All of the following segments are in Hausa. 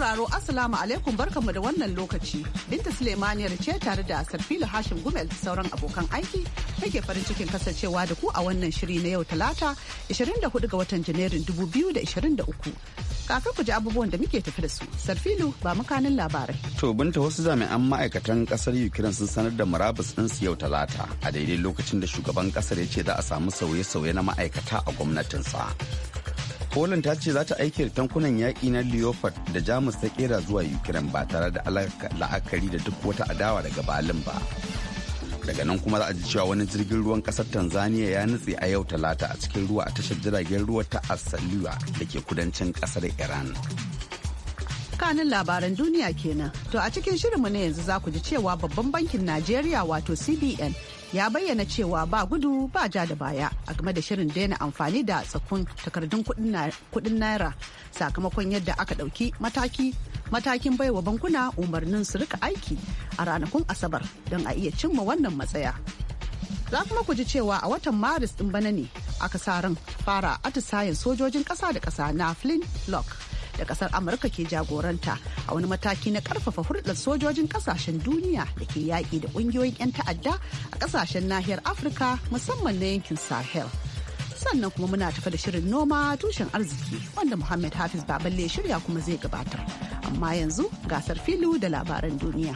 sauraro Assalamu alaikum barkanmu da wannan lokaci. Binta Suleimaniyar ce tare da Sarfilu Hashim Gumel sauran abokan aiki take farin cikin kasancewa da ku a wannan shiri na yau Talata 24 ga watan Janairun 2023. Kafin ku ji abubuwan da muke tafi da su, Sarfilu ba makanin labarai. To binta wasu jami'an ma'aikatan kasar Ukraine sun sanar da murabus din su yau Talata a daidai lokacin da shugaban kasar ya ce za a samu sauye-sauye na ma'aikata a gwamnatinsa. Poland ta ce za ta aike da tankunan yaƙi na Leopard da Jamus ta kera zuwa Ukraine ba tare da la'akari da duk wata adawa daga Berlin ba. Daga nan kuma za a ji cewa wani jirgin ruwan ƙasar Tanzania ya nutse a yau talata a cikin ruwa a tashar jiragen ruwa ta Asaliwa da ke kudancin ƙasar Iran. kanin labaran duniya kenan. To a cikin shirinmu na yanzu za ku ji cewa babban bankin Najeriya wato CBN ya bayyana cewa ba gudu ba ja da baya a game da shirin daina amfani da tsakun takardun kudin naira sakamakon yadda aka ɗauki mataki matakin baiwa bankuna umarnin su rika aiki a ranakun asabar don a iya cimma wannan matsaya za kuma ku ji cewa a watan maris ɗin bana ne aka sa ran fara atisayen sojojin ƙasa da ƙasa na flint lock da kasar amurka ke jagoranta a wani mataki na karfafa hulɗar sojojin kasashen duniya da ke yaƙi da ƙungiyoyin 'yan ta'adda a kasashen nahiyar afirka musamman na yankin sahel sannan kuma muna tafa da shirin noma tushen arziki wanda muhammad hafiz baballe shirya kuma zai gabatar amma yanzu gasar filu da labaran duniya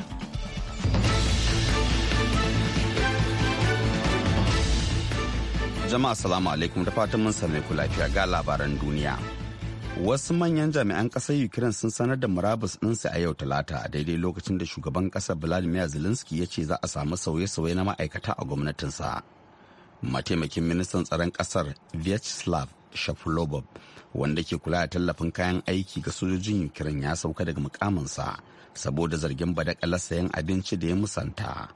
jama'a salamu alaikum da fatan mun same ku lafiya ga labaran duniya wasu manyan jami'an ƙasar ukraine sun sanar da murabus ɗinsu a yau talata a daidai lokacin da shugaban ƙasar vladimir zelensky ya ce za a samu sauye-sauye na ma'aikata a gwamnatinsa mataimakin ministan tsaron ƙasar vyacheslav shafulobov wanda ke kula da tallafin kayan aiki ga sojojin ukraine ya sauka daga mukaminsa saboda zargin badakalar sayan abinci da ya musanta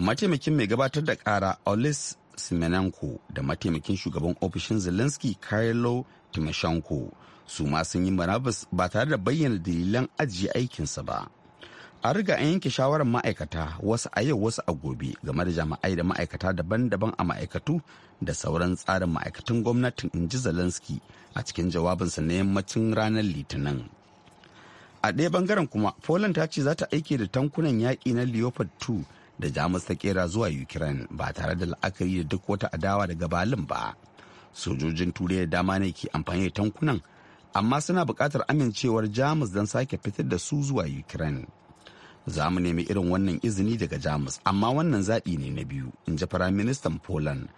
mataimakin mai gabatar da kara olis simenenko da mataimakin shugaban ofishin zelensky kailo timoshenko su ma sun yi manabus ba tare da bayyana dalilan ajiye aikinsa ba a riga an yanke shawarar ma'aikata wasu a yau wasu a gobe game da jami'ai da ma'aikata daban-daban a ma'aikatu da sauran tsarin ma'aikatan gwamnatin inji zelensky a cikin jawabinsa na yammacin ranar litinin a ɗaya bangaren kuma poland ta ce za ta aike da tankunan yaƙi na leopard 2 da jamus ta kera zuwa ukraine ba tare da la'akari da duk wata adawa daga balin ba sojojin turai da dama ne ke amfani da tankunan amma suna buƙatar amincewar jamus don sake fitar da su zuwa ukraine za mu nemi irin wannan izini daga jamus amma wannan zaɓi ne na biyu in ji firaministan poland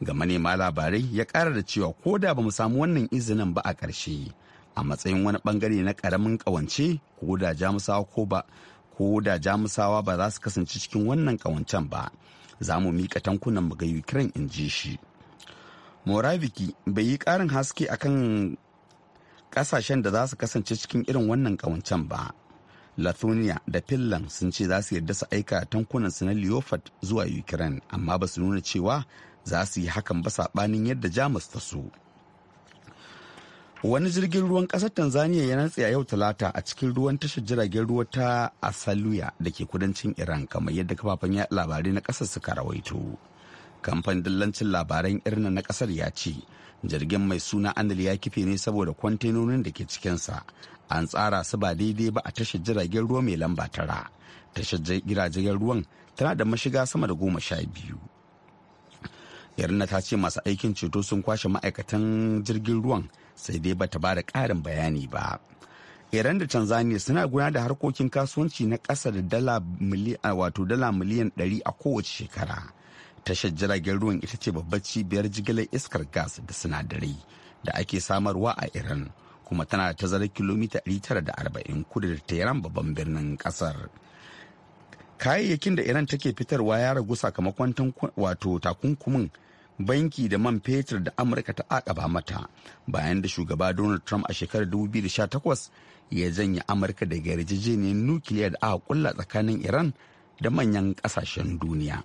ga manema labarai ya ƙara da cewa ko da ba mu samu wannan izinin ba a ƙarshe a matsayin wani ɓangare na ƙaramin ƙawance ko da jamusawa ko ba ko da jamusawa ba za su kasance cikin wannan ƙawancen ba za mu miƙa tankunan mu ga ukraine in ji shi moraviki bai yi ƙarin haske akan kasashen da za su kasance cikin irin wannan kawancen ba lithuania da finland sun ce za su yarda su aika tankunan su na leopard zuwa ukraine amma ba su nuna cewa za su yi hakan ba saɓanin yadda jamus ta so wani jirgin ruwan ƙasar tanzania ya natsi a yau talata a cikin ruwan tashar jiragen ruwa ta asaluya da ke kudancin iran kamar yadda kafafen labarai na ƙasar suka rawaito kamfan dillancin labaran irna na kasar ya ce jirgin mai suna anil ya kife ne saboda kwantenonin da ke cikinsa an tsara su ba daidai ba a tashar jiragen ruwa mai lamba tara tashar jiragen ruwan tana da mashiga sama da goma sha biyu yarna ta ce masu aikin ceto sun kwashe ma'aikatan jirgin ruwan sai dai bata ba da ƙarin bayani ba iran da tanzania suna gudanar da harkokin kasuwanci na ƙasa da dala miliyan 100 a kowace shekara tashar jiragen ruwan ita ce babbar cibiyar jigilar iskar gas da sinadarai da ake samarwa a iran kuma tana da tazarar kilomita 940 kudu da tehran babban birnin kasar kayayyakin da iran take fitarwa ya ragu sakamakon wato takunkumin banki da man fetur da amurka ta akaba mata bayan da shugaba donald trump a shekarar 2018 ya janye amurka daga yarjejeniyar nukiliya da aka kulla tsakanin iran da manyan kasashen duniya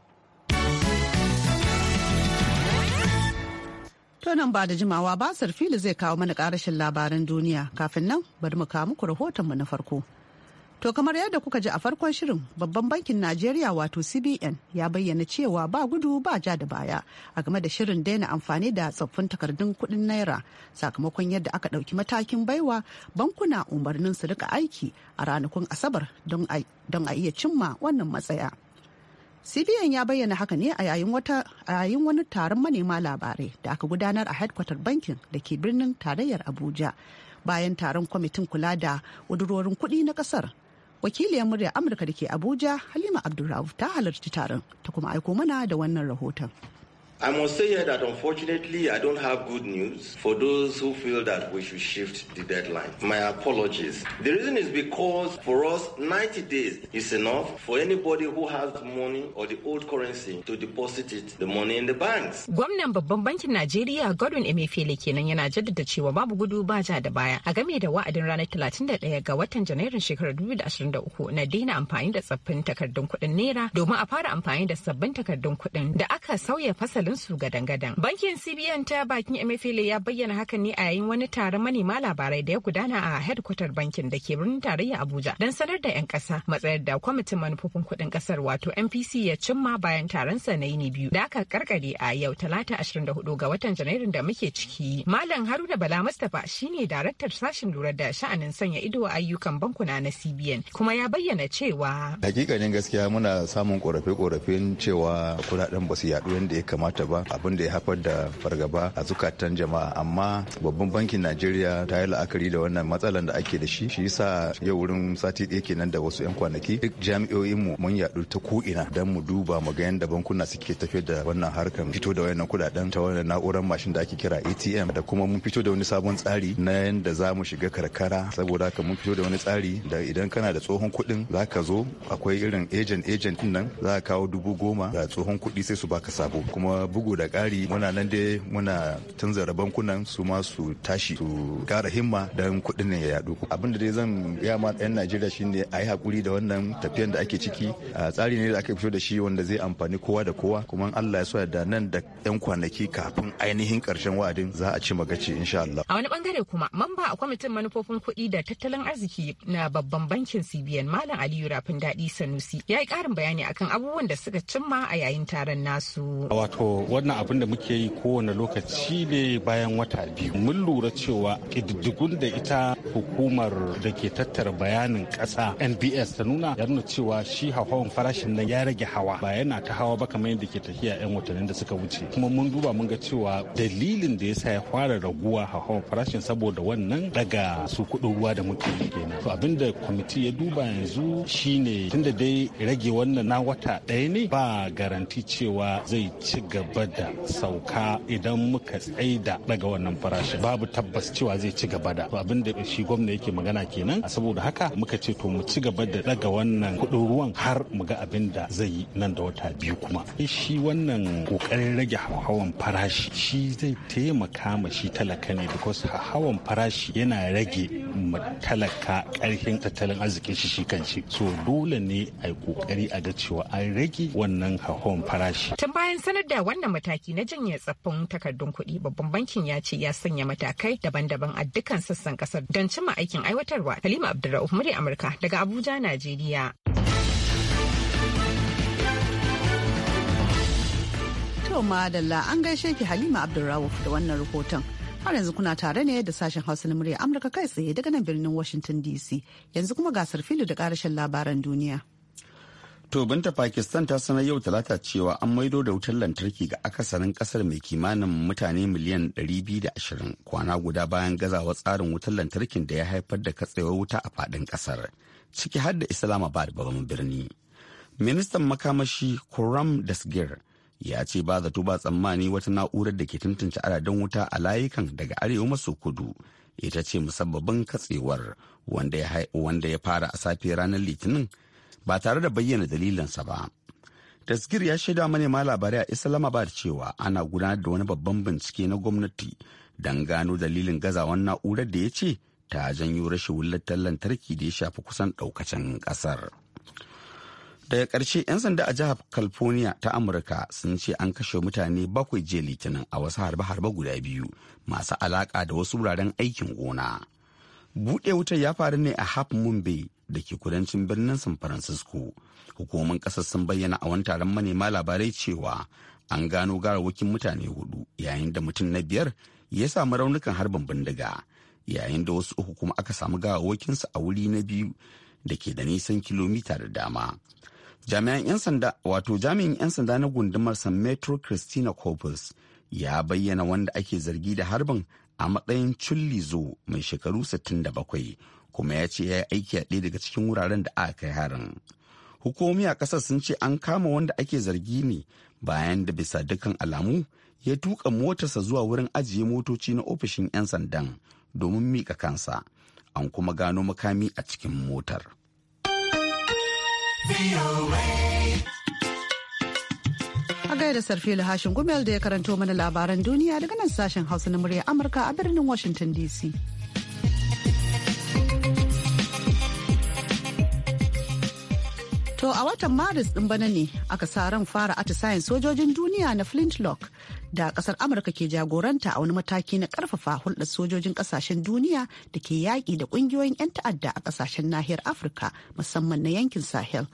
To nan ba da jimawa ba sarfili zai kawo mana karashin labaran duniya kafin nan bari mu kawo muku mu na farko. To kamar yadda kuka ji a farkon shirin babban bankin Najeriya wato CBN ya bayyana cewa ba gudu ba ja da baya a game da shirin daina amfani da tsoffin takardun kuɗin naira sakamakon yadda aka ɗauki matakin baiwa bankuna umarnin su rika aiki a ranakun asabar don a iya cimma wannan matsaya. cbn ya bayyana haka ne a yayin wani taron manema labarai da aka gudanar a headquarter bankin da ke birnin tarayyar abuja bayan taron kwamitin kula da wadurorin kuɗi na ƙasar wakiliyar murya amurka da ke abuja halima abdulrauf ta halarci taron ta kuma aiko mana da wannan rahoton I must say here that unfortunately, I don't have good news for those who feel that we should shift the deadline. My apologies. The reason is because for us, 90 days is enough for anybody who has money or the old currency to deposit it, the money in the banks. Gwamnan babban bankin Najeriya Godwin Emefiele kenan yana jaddada cewa babu gudu ba ja da baya a game da wa'adin ranar 31 ga watan Janairun shekarar 2023 na daina amfani da tsaffin takardun kuɗin naira domin a fara amfani da sabbin takardun kuɗin da aka sauya fasalin su gadan-gadan. Bankin CBN ta bakin Emefiele ya bayyana hakan ne a yayin wani taron manema labarai da ya gudana a headquarter bankin da ke birnin tarayya Abuja don sanar da 'yan ƙasa matsayar da kwamitin manufofin kuɗin ƙasar wato NPC ya cimma bayan taron sa na yini biyu da aka karkare a yau talata 24 ga watan Janairun da muke ciki. Malam Haruna Bala Mustapha shine daraktar sashen lura da sha'anin sanya ido a ayyukan bankuna na CBN kuma ya bayyana cewa. Hakikanin gaskiya muna samun korafe-korafen cewa kudaden ba su yaɗu yadda ya kamata ta ba abin da ya haifar da fargaba a zukatan jama'a amma babban bankin najeriya ta yi la'akari da wannan matsalan da ake da shi shi yasa yau wurin sati ɗaya kenan da wasu 'yan kwanaki duk jami'o'in mu mun yaɗu ta ko'ina don mu duba mu ga yadda bankuna suke tafiyar da wannan harkar fito da wayannan kuɗaɗen ta wannan na'urar mashin da ake kira atm da kuma mun fito da wani sabon tsari na yadda za mu shiga karkara saboda haka mun fito da wani tsari da idan kana da tsohon kuɗin za ka zo akwai irin ejen agent nan za ka kawo dubu goma da tsohon kuɗi sai su baka sabo kuma bugu da ƙari muna nan dai muna canza tunzara bankunan su ma su tashi su kara himma don kuɗin ne ya yaɗu abin da dai zan gaya ma ɗan najeriya shine a yi hakuri da wannan tafiyan da ake ciki a tsari ne da aka fito da shi wanda zai amfani kowa da kowa kuma allah ya so da nan da 'yan kwanaki kafin ainihin ƙarshen wa'adin za a ci magaci insha allah a wani bangare kuma mamba a kwamitin manufofin kuɗi da tattalin arziki na babban bankin cbn malam aliyu rafin daɗi sanusi ya yi ƙarin bayani akan abubuwan da suka cimma a yayin taron nasu wato wannan abin da muke yi kowane lokaci ne bayan wata biyu mun lura cewa ƙididdigun da ita hukumar da ke tattara bayanin ƙasa nbs ta nuna ya nuna cewa shi hauhawar farashin nan ya rage hawa ba yana ta hawa ba kamar yadda ke tafiya 'yan watannin da suka wuce kuma mun duba mun ga cewa dalilin da ya sa ya fara raguwa hauhawar farashin saboda wannan daga su kuɗin ruwa da muke yi kenan to abin da kwamiti ya duba yanzu shine tunda dai rage wannan na wata ɗaya ne ba garanti cewa zai ci gaba gaba da sauka idan muka tsaida daga wannan farashin babu tabbas cewa zai ci gaba da abin da shi gwamna yake magana kenan saboda haka muka ce to mu ci gaba da daga wannan kudin ruwan har mu ga abin da zai yi nan da wata biyu kuma shi wannan kokarin rage hawan farashi shi zai taimaka ma shi talaka ne because hawan farashi yana rage talaka karfin tattalin arzikin shi shi kan shi so dole ne a yi kokari a ga cewa an rage wannan hahon farashi tun bayan sanar da wannan mataki na janye tsaffin takardun kuɗi babban bankin ya ce ya sanya matakai daban-daban a dukkan sassan kasar don cimma aikin aiwatarwa halima abdulrahman murya amurka daga abuja najeriya to madalla an gaishe ki halima abdulrahman da wannan rahoton Har yanzu kuna tare ne da sashen Hausa na murya Amurka kai tsaye daga nan birnin Washington DC. Yanzu kuma gasar fili da karashen labaran duniya. To binta Pakistan ta sanar yau talata cewa an maido da wutar lantarki ga akasarin kasar mai kimanin mutane miliyan 220 kwana guda bayan gazawa tsarin wutar lantarkin da ya haifar da katsewar wuta a fadin kasar ciki har da Islamabad babban birni. Ministan makamashi Kuram Dasgir ya ce ba zato ba tsammani wata na'urar da ke tuntunce adadin wuta a layukan daga arewa maso kudu ita ce musabbabin katsewar wanda ya fara a safe ranar litinin ba tare da bayyana dalilinsa ba taskir ya shaida manema labarai a islamabad cewa ana gudanar da wani babban bincike na gwamnati don gano dalilin gazawan na'urar da ya ce ta janyo rashin wulattar lantarki da ya shafi kusan ɗaukacin ƙasar. daga ƙarshe 'yan sanda a jihar california ta amurka sun ce an kashe mutane bakwai jiya litinin a wasu harbe-harbe guda biyu masu alaƙa da wasu wuraren aikin gona buɗe wuta ya faru ne a half moon bay da ke kudancin birnin san francisco hukumomin ƙasar sun bayyana a wani taron manema labarai cewa an gano garawakin mutane hudu yayin da mutum na biyar ya samu raunukan harbin bindiga yayin da wasu uku kuma aka samu gawawakinsu a wuri na biyu da ke da nisan kilomita da dama jami'an 'yan sanda wato jami'in 'yan sanda na gundumar san metro christina corpus ya bayyana wanda ake zargi da harbin a matsayin cullizo mai shekaru 67 kuma ya ce ya yi aiki a ɗaya daga cikin wuraren da aka kai harin hukumomi a ƙasar sun ce an kama wanda ake zargi ne bayan da bisa dukkan alamu ya tuka motarsa zuwa wurin ajiye motoci na ofishin 'yan sandan domin mika kansa an kuma gano makami a cikin motar. A gaida Sarfilu Hashin Gumel da ya karanto mana labaran duniya daga nan sashen Hausa na murya Amurka a birnin Washington DC. To a watan Maris din bana ne aka sa ran fara atisayen sojojin duniya na Flintlock da kasar Amurka ke jagoranta a wani mataki na karfafa hulɗar sojojin kasashen duniya da ke yaƙi da ƙungiyoyin 'yan ta'adda a ƙasashen nahiyar Afirka musamman na yankin Sahel.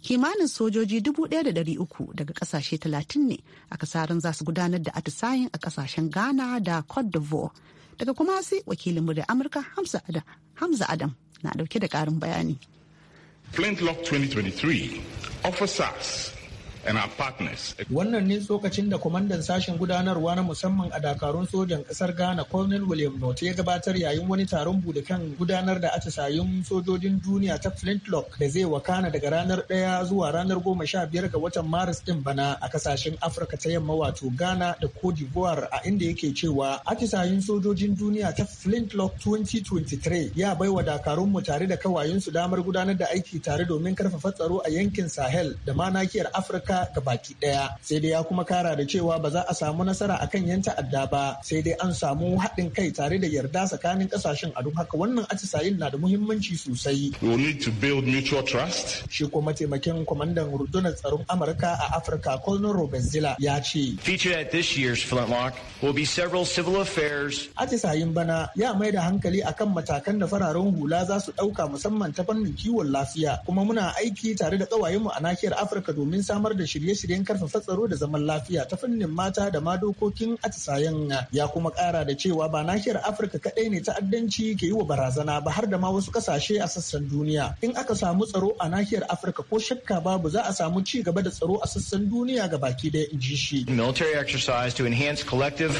Kimanin sojoji 1,300 daga kasashe 30 ne aka sa ran za su gudanar da atisayen a ƙasashen Ghana da Cote d'Ivoire. Daga kuma sai wakilin da Amurka Hamza Adam na ɗauke da ƙarin bayani. Flintlock 2023 offers us and our partners. Wannan ne tsokacin da kwamandan sashen gudanarwa na musamman a dakarun sojan Kasar Ghana Colonel William Note ya gabatar yayin wani taron bude kan gudanar da atisayen sojojin duniya ta Flintlock da zai wakana daga ranar ɗaya zuwa ranar goma sha biyar ga watan Maris din bana a kasashen Afirka ta yamma wato Ghana da Cote d'Ivoire a inda yake cewa atisayen sojojin duniya ta Flintlock 2023 ya baiwa dakarunmu tare da kawayensu damar gudanar da aiki tare domin karfafa tsaro a yankin Sahel da ma nakiyar Afirka ga baki daya sai dai ya kuma kara da cewa ba za a samu nasara a kan yan ta'adda ba sai dai an samu haɗin kai tare da yarda tsakanin kasashen a don haka wannan atisayin na da muhimmanci sosai we need to build mutual trust shi kuma mataimakin kwamandan rundunar tsaron amurka a afirka colonel robert ya ce featured at this year's flintlock will be several civil affairs atisayin bana ya mai da hankali akan matakan da fararen hula za su ɗauka musamman ta fannin kiwon lafiya kuma muna aiki tare da ƙawayenmu a nahiyar afirka domin samar da da shirye-shiryen karfafa tsaro da zaman lafiya ta fannin mata da ma dokokin atisayen ya kuma kara da cewa ba nahiyar afirka kadai ne ta'addanci ke yi wa barazana ba har da ma wasu kasashe a sassan duniya in aka samu tsaro a nahiyar afirka ko shakka babu za a samu ci gaba da tsaro a sassan duniya ga baki daya in ji shi to enhance collective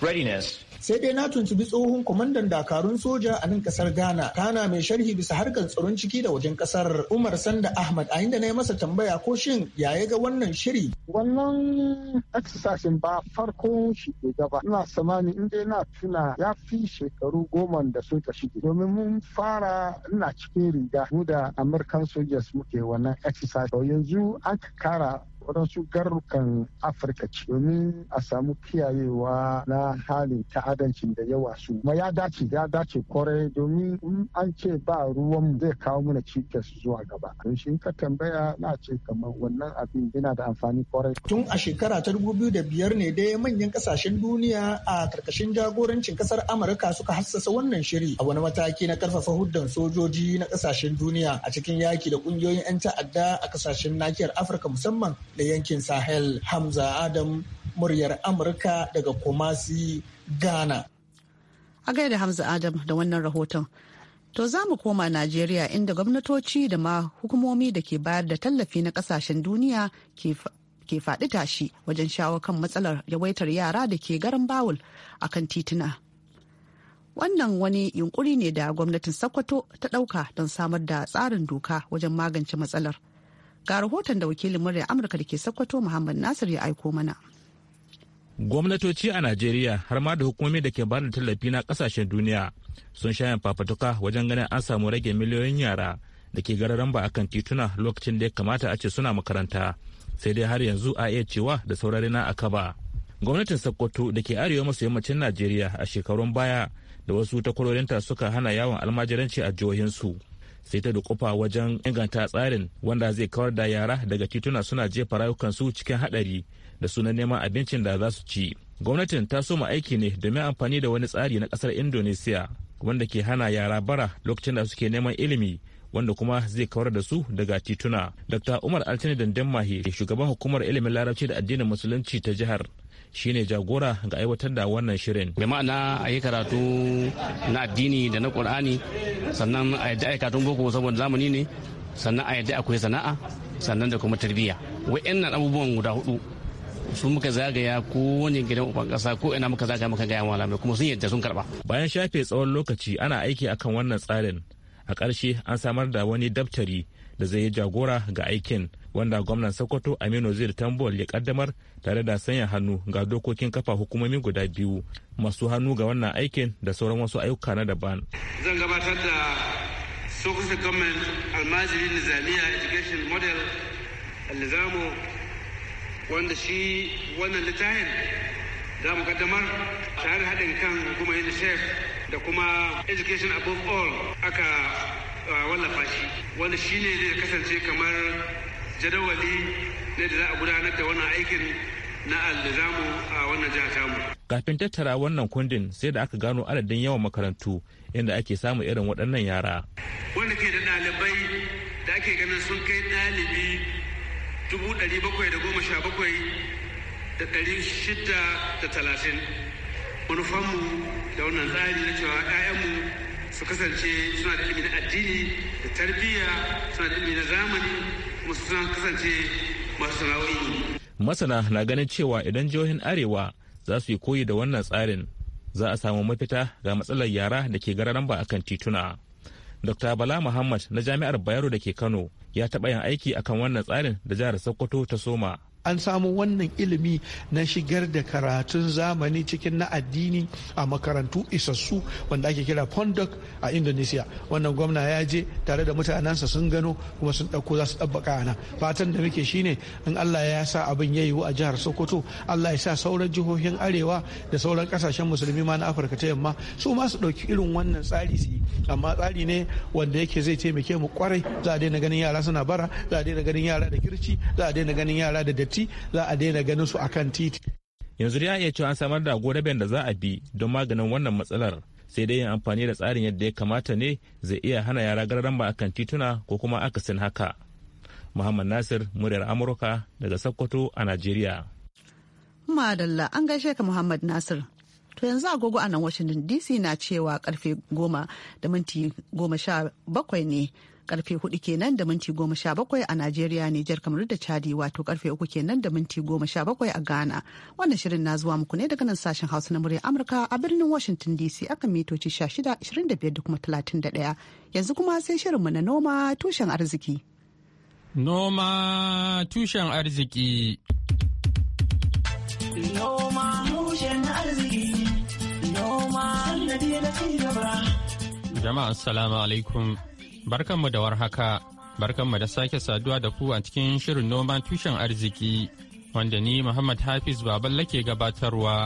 readiness sai dai na tuntubi tsohon kwamandan dakarun soja a nan kasar ghana kana mai sharhi bisa harkar tsaron ciki da wajen kasar umar sanda ahmad a inda na yi masa tambaya ko shin ya ga wannan shiri wannan exercise ba farkon shi ke gaba ina samani in dai na tuna ya fi shekaru goma da suka shige domin mun fara ina cikin riga mu da american sojas muke wannan exercise yanzu an kara waɗansu garrukan afirka ci. domin a samu kiyayewa na halin ta'adancin da yawa su kuma ya dace ya dace kwarai domin in an ce ba ruwan zai kawo mana cikas zuwa gaba don shi ka tambaya na ce kamar wannan abin yana da amfani kwarai tun a shekara ta dubu da biyar ne dai manyan kasashen duniya a karkashin jagorancin kasar amurka suka hassasa wannan shiri a wani mataki na karfafa huddan sojoji na kasashen duniya a cikin yaki da kungiyoyin 'yan ta'adda a kasashen nakiyar afirka musamman da yankin Sahel Hamza Adam muryar Amurka daga Kumasi, Ghana. A gaida Hamza Adam da wannan rahoton. To za mu koma Najeriya inda gwamnatoci da ma hukumomi da ke bayar da tallafi na kasashen duniya ke faɗi tashi wajen shawo kan matsalar yawaitar yara da ke garin bawul a kan tituna. Wannan wani yunkuri ne da gwamnatin Sokoto ta ɗauka don samar da tsarin doka wajen magance matsalar. Ga rahoton da wakilin murya Amurka da ke sakwato Muhammad Nasir ya aiko mana. Gwamnatoci a Najeriya har ma da hukumomi da ke bada tallafi na kasashen duniya sun sha fafatuka wajen ganin an samu rage miliyoyin yara da ke gararan ba akan tituna lokacin da ya kamata a ce suna makaranta sai dai har yanzu a iya cewa da saurari na ba Gwamnatin Sokoto da ke arewa maso yammacin Najeriya a shekarun baya da wasu takwarorinta suka hana yawon almajiranci a jihohinsu. sai ta dukufa wajen inganta tsarin wanda zai kawar da yara daga tituna suna jefa rayukansu cikin hadari da sunan neman abincin da za su ci gwamnatin ta soma aiki ne domin amfani da wani tsari na kasar indonesiya wanda ke hana yara bara lokacin da suke neman ilimi wanda kuma zai kawar da su daga tituna dr umar altini dandamahi mahe shugaban hukumar ilimin larabci da addinin musulunci ta jihar shine jagora ga aiwatar da wannan shirin bai ma'ana a yi karatu na addini da na ƙur'ani sannan a yadda aikatun boko saboda zamani ne sannan a yadda akwai sana'a sannan da kuma tarbiyya wa'annan abubuwan guda hudu su muka zagaya ko wani gidan uban kasa ko ina muka zagaya muka gaya malamai kuma sun yadda sun karba bayan shafe tsawon lokaci ana aiki akan wannan tsarin a ƙarshe an samar da wani daftari da zai yi jagora ga aikin wanda gwamnan sokoto aminu zai tambol ya kaddamar tare da sanya hannu ga dokokin kafa hukumomi guda biyu masu hannu ga wannan aikin da sauran wasu ayyuka na daban zan gabatar da sokoto government almajiri nizamiya education model alizamu wanda shi wannan littafin za mu kaddamar tare haɗin kan hukumar unicef da kuma education above all aka uh, wallafa shi wanda shi ne zai kasance kamar jadawali ne da za a gudanar da wannan aikin na alizamu a wannan jihar tamu. Kafin tattara wannan kundin sai da aka gano adadin yawan makarantu inda ake samu irin waɗannan yara. Wanda ke da ɗalibai da ake ganin sun kai ɗalibi dubu ɗari bakwai da goma sha bakwai da ɗari shida da talatin. Manufanmu da wannan tsari na cewa 'ya'yanmu su kasance suna da ilimi na addini da tarbiyya suna da ilimi na zamani Masana na ganin cewa idan jihohin Arewa za su yi koyi da wannan tsarin za a samu mafita ga matsalar yara da ke gararan ba akan tituna. Dr. Bala Muhammad na Jami'ar Bayero da ke Kano ya taɓa yin aiki akan wannan tsarin da jihar Sokoto ta soma an samu wannan ilimi na shigar da karatun zamani cikin na addini a makarantu isassu wanda ake kira pondok a indonesia wannan gwamna ya je tare da mutanensa sun gano kuma sun ɗauko za su ɗabbaka ana fatan da muke shine in allah ya sa abin ya yiwu a jihar sokoto allah ya sa sauran jihohin arewa da sauran kasashen musulmi ma na afirka ta yamma su ma su ɗauki irin wannan tsari su yi amma tsari ne wanda yake zai taimake mu kwarai za a daina ganin yara suna bara za a daina ganin yara da kirci za a daina ganin yara da gwamnati za a daina ganin su akan titi yanzu ya iya cewa an samar da goraben da za a bi don maganin wannan matsalar sai dai yin amfani da tsarin yadda ya kamata ne zai iya hana yara gararan ba akan tituna ko kuma akasin haka muhammad nasir muryar amurka daga sokoto a najeriya madalla an gaishe ka muhammad nasir to yanzu agogo a nan washington dc na cewa karfe goma da minti goma sha bakwai ne karfe 4 kenan da minti 17 a Najeriya Nijar kamar da Chadi wato karfe 3 kenan da minti 17 a Ghana. Wannan shirin na zuwa muku ne daga nan sashen Hausa na murya Amurka a birnin Washington DC akan mitoci 16, da kuma 31. Yanzu kuma sai shirinmu na noma tushen arziki. Noma tushen arziki. Noma tushen arziki. Noma na ci gaba. Jama'a assalamu alaikum. barkanmu da warhaka, barkanmu da sake saduwa da ku a cikin shirin noman tushen arziki, wanda ni Muhammad Hafiz Baballa ke gabatarwa.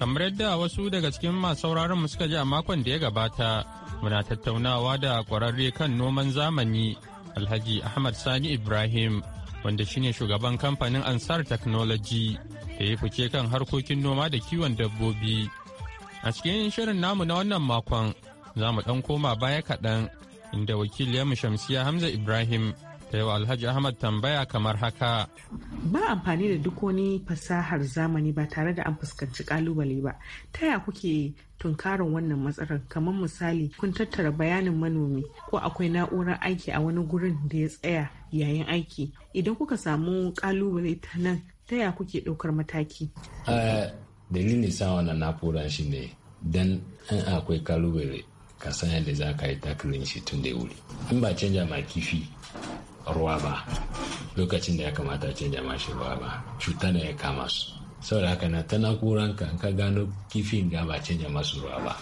Kamar yadda wasu daga cikin masu mu suka ji a makon da ya gabata, muna tattaunawa da ƙwararre kan noman zamani, Alhaji Ahmad Sani Ibrahim. wanda shine shugaban kamfanin ansar technology da ya fice kan harkokin noma da kiwon dabbobi a cikin shirin namu na wannan makon za mu ɗan koma baya kaɗan inda wakiliyarmu shamsiya hamza ibrahim ta yi wa alhaji ahmad tambaya kamar haka ba amfani da duk wani fasahar zamani ba tare da an fuskanci kalubale ba ta ya kuke tunkarin wannan matsalar kamar misali kun tattara bayanin manomi ko akwai na'urar aiki a wani gurin da ya tsaya yayin aiki idan kuka samu kalubale ta nan ta ya kuke ɗaukar mataki dalilin sa wannan na'urar shi ne dan in akwai kalubale ka san yadda za ka yi taklin shi tun da wuri in ba canja ma kifi ruwa ba lokacin da ya kamata canja ma shi ruwa ba cuta da ya kama su saboda haka na ta na'uranka in ka gano kifin ga ba canja masu ruwa ba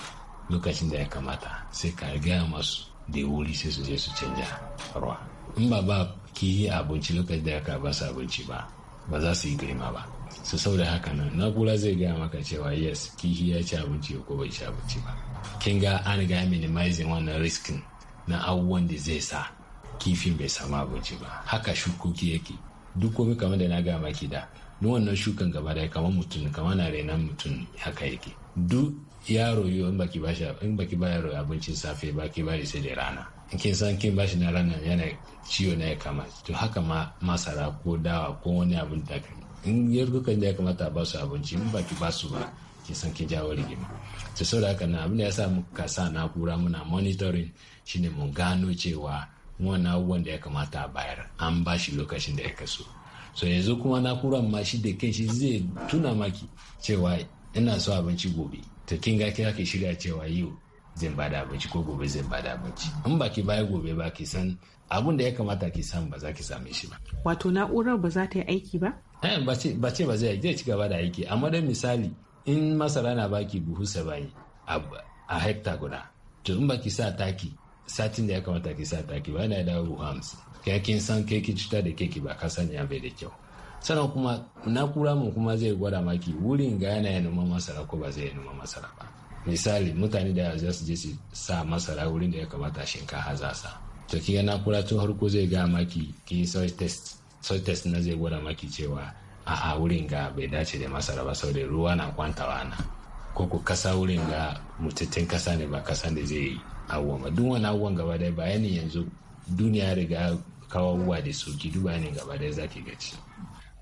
lokacin da ya kamata sai ka gaya masu da wuri sai su je su canja ruwa in ba ba kihi abinci lokacin da ya ka ba su abinci ba ba za su yi girma ba su sau da haka nan na'ura zai gaya maka cewa yes kihi ya ci abinci ko bai ci abinci ba kin ga an ga minimizing wannan riskin na abubuwan da zai sa kifin bai samu abinci ba haka shukoki yake duk komai kamar da na gaya maki da ni wannan shukan gaba da kamar mutum kamar na renan mutum haka yake duk yaro yo in baki ba in baki ba yaro abincin safe baki ba sai da rana in kin san kin bashi na rana yana ciwo na ya kama to haka ma masara ko dawa ko wani abin da in yardukan da ya kamata ba su abinci in baki ba su ba ke san ke jawo rigima to saboda haka na abin da ya sa muka sa kura muna monitoring shine mu gano cewa wannan abubuwan da ya kamata a bayar an bashi lokacin da ya kaso so yanzu kuma na kura ma shi da kai shi zai tuna maki cewa ina so abinci gobe to kin ga kira ki shirya cewa yau zai bada abinci ko gobe zai bada abinci in ba ki baya gobe ba ki san abun da ya kamata ki san ba za ki same shi ba wato na'urar ba za ta yi aiki ba eh ba ce ba zai zai ci gaba da aiki amma dai misali in masara na baki buhu 70 a hekta guda to in ba ki sa taki satin da ya kamata ki sa taki ba yana da hams hamsin kin san kai ki cita da keki ba ka sani ya bai da kyau sannan kuma kura mu kuma zai gwada maki wurin ga yana ya noma masara ko ba zai ya noma masara ba misali mutane da za su je su sa masara wurin da ya kamata shinkafa za sa to kiga kura tun harko zai ga maki ki soil test soil test na zai gwada maki cewa a a wurin ga bai dace da masara ba saboda ruwa na kwantawa na ko ku kasa wurin ga mutattun kasa ne ba kasan da zai yi awon duk wani awon gaba daya bayanin yanzu duniya riga kawo uwa da sauki duk bayanin gaba daya ki gaci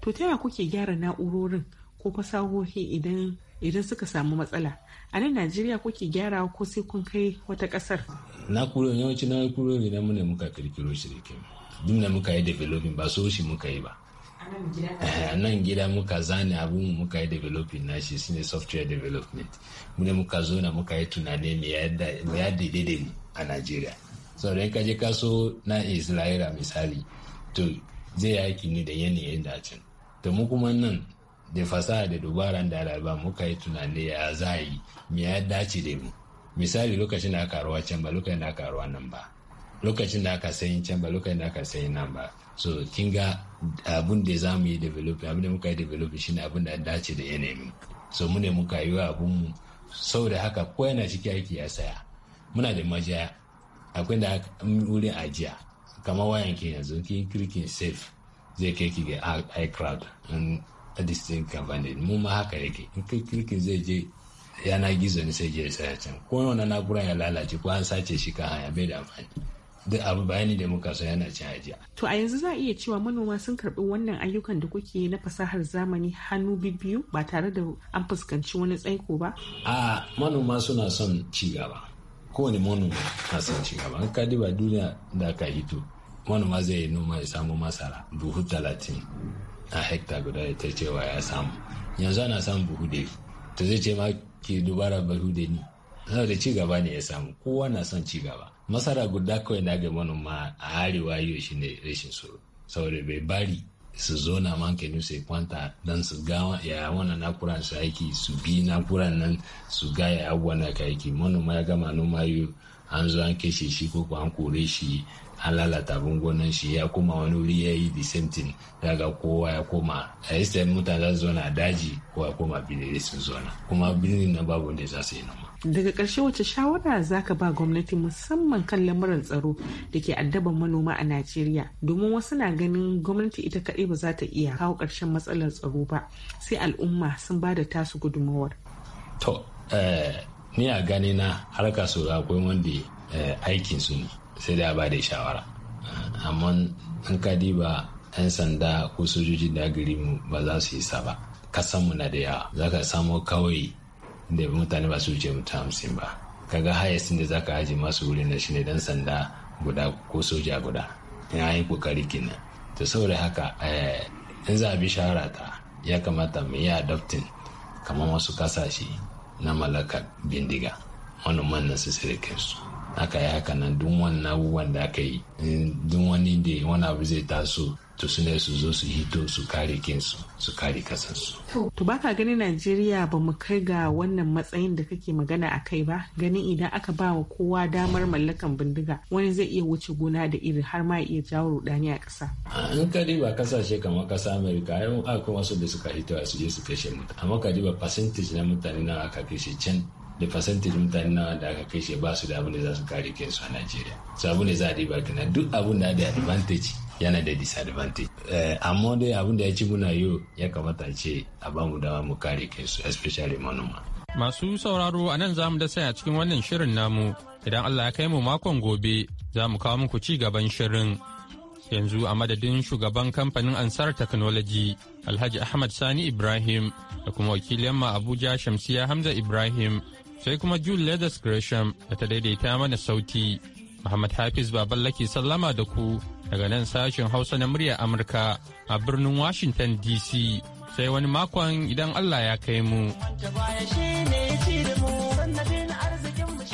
to ta yaya kuke gyara na'urorin ko fasahohi idan idan suka samu matsala a nan najeriya kuke gyara ko sai kun kai wata kasar kuro yawanci na kuro ne muka kirkiro shi da duk da muka yi developing ba so shi muka yi ba a nan gida muka zane abin muka yi developing shi shine software development mune muka zo na muka yi tunani mai ya daidai mu a najeriya so da ka je kaso na isra'ila misali to zai aiki ne da yanayin da can to mu kuma nan da fasaha da dubara da alaba muka yi tunani ya za yi me ya dace da mu misali lokacin da aka ruwa can ba lokacin da aka ruwa nan ba lokacin da aka sayin can ba lokacin da aka sayin nan ba so kin ga abin da za mu yi develop abin da muka yi develop ne abin da dace da yanayi so mu ne muka yi wa abin mu da haka ko yana ciki aiki ya saya muna da majaya akwai da wurin ajiya kama wayan ke yanzu kin kirkin safe zai kai ki ga crowd in distinct company mu ma haka yake in kirkin zai je yana gizo ne sai je ya saya can ko na na'ura ya lalace ko an sace shi kan haya bai da amfani duk abu bayani da muka san yana ci hajiya. To a yanzu za a iya cewa manoma sun karɓi wannan ayyukan da kuke na fasahar zamani hannu biyu ba tare da an fuskanci wani tsaiko ba? A manoma suna son ci gaba. Kowane manoma na son ci gaba. An ka diba duniya da ka hito. Manoma zai yi noma ya samu masara buhu talatin a hekta guda ya ta cewa ya samu. Yanzu ana samun buhu da ɗari. ta zai ce ma ke dubara buhu da ni. saboda ci gaba ne ya samu kowa na son ci gaba masara guda kawai na ga manoma a arewa yau shi ne rashin tsoro saboda bai bari su zo na mankani sai kwanta don su ga ya wannan nakuran su aiki su bi nakuran nan su ga ya abubuwan da aiki manoma ya gama noma yau an zo an kashe shi ko an kore shi an lalata rungunan shi ya koma wani wuri ya yi the same thing daga kowa ya koma a yi mutane za su na daji ko ya koma birni sun zona kuma birnin na babu wanda za su yi noma daga ƙarshe wace shawara za ka ba gwamnati musamman kan lamuran tsaro da ke addaban manoma a najeriya domin wasu na ganin gwamnati ita kaɗai ba za ta iya kawo ƙarshen matsalar tsaro ba sai al'umma sun ba da tasu gudunmawar eh, ni a gane na harka su akwai wanda eh, aikin su ne sai da ba da shawara amma an ka diba 'yan sanda ko sojoji da gari mu ba za su yi sa ba mu na da yawa za ka samu kawai da mutane ba su wuce mutum hamsin ba ka kaga hayasin da za ka aji masu wurin da shi ne dan sanda guda ko soja guda ya yi kokari kenan to saboda haka eh, in za a bi shawara ta ya kamata mu yi adoptin kamar wasu kasashe na mallakar bindiga manoman nan su sirikin su aka yi haka nan duk wannan abubuwan da aka yi duk wani da wani abu zai taso to su ne su zo su hito su kare kinsu su kare kasansu. To ka gani Najeriya ba mu kai ga wannan matsayin da kake magana a kai ba ganin idan aka ba wa kowa damar mallakan bindiga wani zai iya wuce gona da iri har ma iya jawo rudani a ƙasa. An ka ba kasashe kamar ƙasa Amerika yau a kuma su da suka hito a su je su kashe mu. amma ka diba percentage na mutane nawa aka kashe can da percentage mutane nawa da aka kashe ba su da abin da za su kare kinsu a Najeriya. Sabu ne za a diba duk abin da da advantage yana da disadvantage eh, amma dai abin da ya ci muna yau ya kamata ce a ba mu dawa mu kare su especially manoma masu sauraro a nan zamu da saya a cikin wannan shirin namu idan Allah ya kai mu makon gobe za mu kawo muku ci gaban shirin yanzu a madadin shugaban kamfanin ansar technology alhaji ahmad sani ibrahim da kuma wakilin ma abuja shamsiya hamza ibrahim sai kuma jule leathers gresham da ta daidaita mana sauti muhammad hafiz baballaki sallama da ku daga nan sashen Hausa na murya Amurka a birnin Washington DC sai wani makon idan Allah ya kai mu.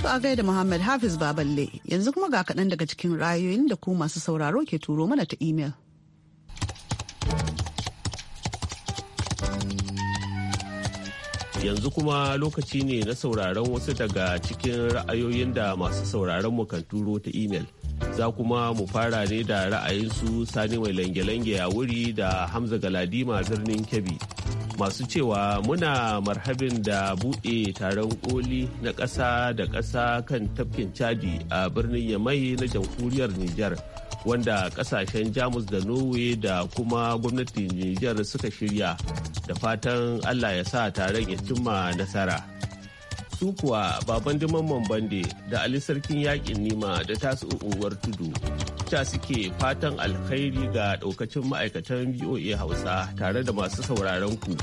To a gaida Muhammad Hafiz Baballe yanzu kuma ga kaɗan daga cikin rayoyin da ku masu sauraro ke turo mana ta imel. yanzu kuma lokaci ne na sauraron wasu daga cikin ra'ayoyin da masu sauraron mu kan turo ta imel. za kuma mu fara ne da ra'ayinsu sani mai lange-lange a wuri da hamza galadima zirnin kebbi masu cewa muna marhabin da buɗe taron koli na ƙasa da ƙasa kan tafkin chadi a birnin yamai na jamhuriyar niger wanda ƙasashen jamus da norway da kuma gwamnatin niger suka shirya da fatan allah ya sa taron ya cimma nasara su kuwa baban mamman bande da ali sarkin yakin nima da tasu unguwar tudu ta suke fatan alkhairi ga daukacin ma'aikatan voa hausa tare da masu sauraron ku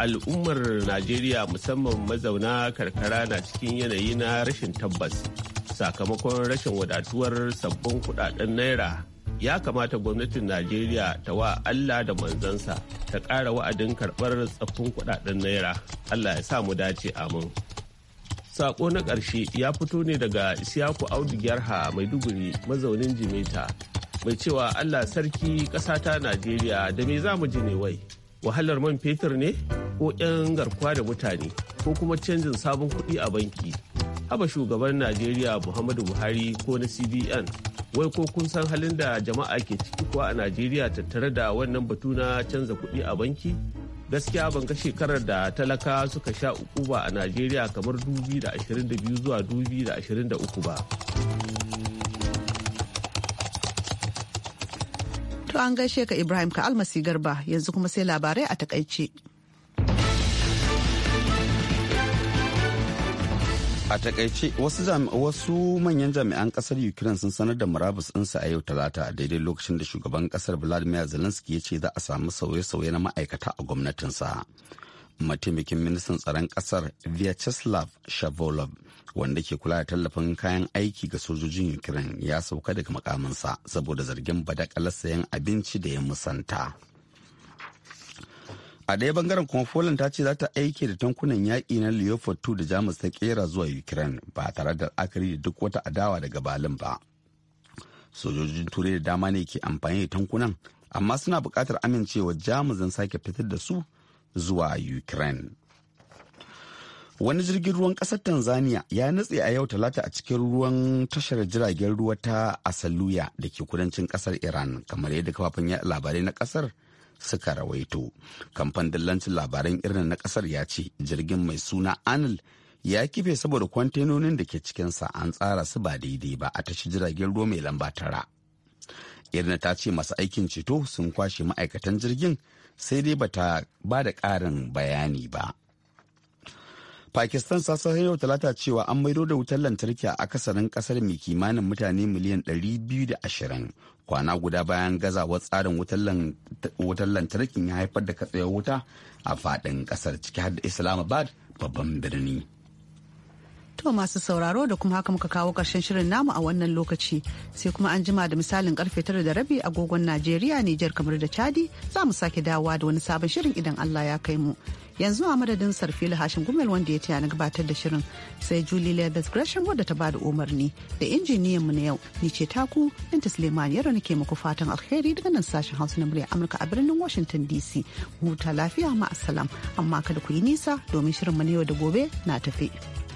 al'ummar najeriya musamman mazauna karkara na cikin yanayi na rashin tabbas sakamakon rashin wadatuwar sabbin kudaden naira ya kamata gwamnatin najeriya ta wa allah da manzansa ta kara wa'adin karɓar tsaffin kudaden naira allah ya sa mu dace amin Sako na ƙarshe ya fito ne daga Isiyaku Audu Gyarha Maiduguri mazaunin Jimeta mai cewa Allah sarki ƙasata Najeriya da me za mu ji ne wai. Wahalar man fetur ne ko 'yan garkuwa da mutane ko kuma canjin sabon kuɗi a banki. Haba shugaban Najeriya Muhammadu Buhari ko na CBN wai ko kun san halin da jama'a ke ciki kuwa a Najeriya tattare da wannan batu na canza kuɗi a banki? gaskiya ban ga shekarar da talaka suka sha ukuba a najeriya kamar 2022 zuwa 2023 ba to an gaishe ka ibrahim ka almasi garba yanzu kuma sai labarai a takaice A takaice wasu manyan jami'an kasar Ukraine sun sanar da murabus ɗinsa a yau talata daidai lokacin da shugaban kasar Vladimir Zelensky ya ce za a samu sauye-sauye na ma'aikata a gwamnatinsa. Mataimakin ministan tsaron kasar Vyacheslav Shavolov wanda ke kula da tallafin kayan aiki ga sojojin Ukraine ya sauka daga makaminsa saboda zargin badakalar sayan abinci da ya musanta. a daya bangaren kuma poland ta ce za ta aike da tankunan yaƙi na leopard 2 da jamus ta kera zuwa ukraine ba tare da akari da duk wata adawa daga balin ba sojojin turai da dama ne ke amfani da tankunan amma suna buƙatar amincewa jamus don sake fitar da su zuwa ukraine wani jirgin ruwan ƙasar tanzania ya nutse a yau talata a cikin ruwan tashar jiragen ruwa ta asaluya da ke kudancin ƙasar iran kamar yadda kafafen labarai na ƙasar suka rawaito kamfan dillancin labaran irin na kasar ya ce jirgin mai suna anil ya kife saboda kwantenonin da ke cikinsa an tsara su ba daidai ba a tashi jiragen ruwa mai lamba tara irna ta ce masu aikin ceto sun kwashe ma'aikatan jirgin sai dai ba ta ba da ƙarin bayani ba Pakistan sasa yau talata cewa an maido da wutar lantarki a akasarin kasar mai kimanin mutane miliyan 220 kwana guda bayan gazawar tsarin wutar lantarki ya haifar da katsayar wuta a faɗin kasar ciki har da Islamabad babban birni. To masu sauraro da kuma haka muka kawo ƙarshen shirin namu a wannan lokaci sai kuma an jima da misalin karfe tara da rabi agogon Najeriya Nijar kamar da Chadi za mu sake dawowa da wani sabon shirin idan Allah ya kai mu. Yanzu a madadin Sarfila hashin Gumel wanda ya taya na gabatar da shirin sai Julie Leathers Gresham wadda ta bada umarni da injiniyan mu na yau ni ce taku Binta Suleiman Yaro nake muku fatan alheri daga nan sashen Hausa na murya Amurka a birnin Washington DC. Huta lafiya ma amma kada ku yi nisa domin shirin mu na yau da gobe na tafi.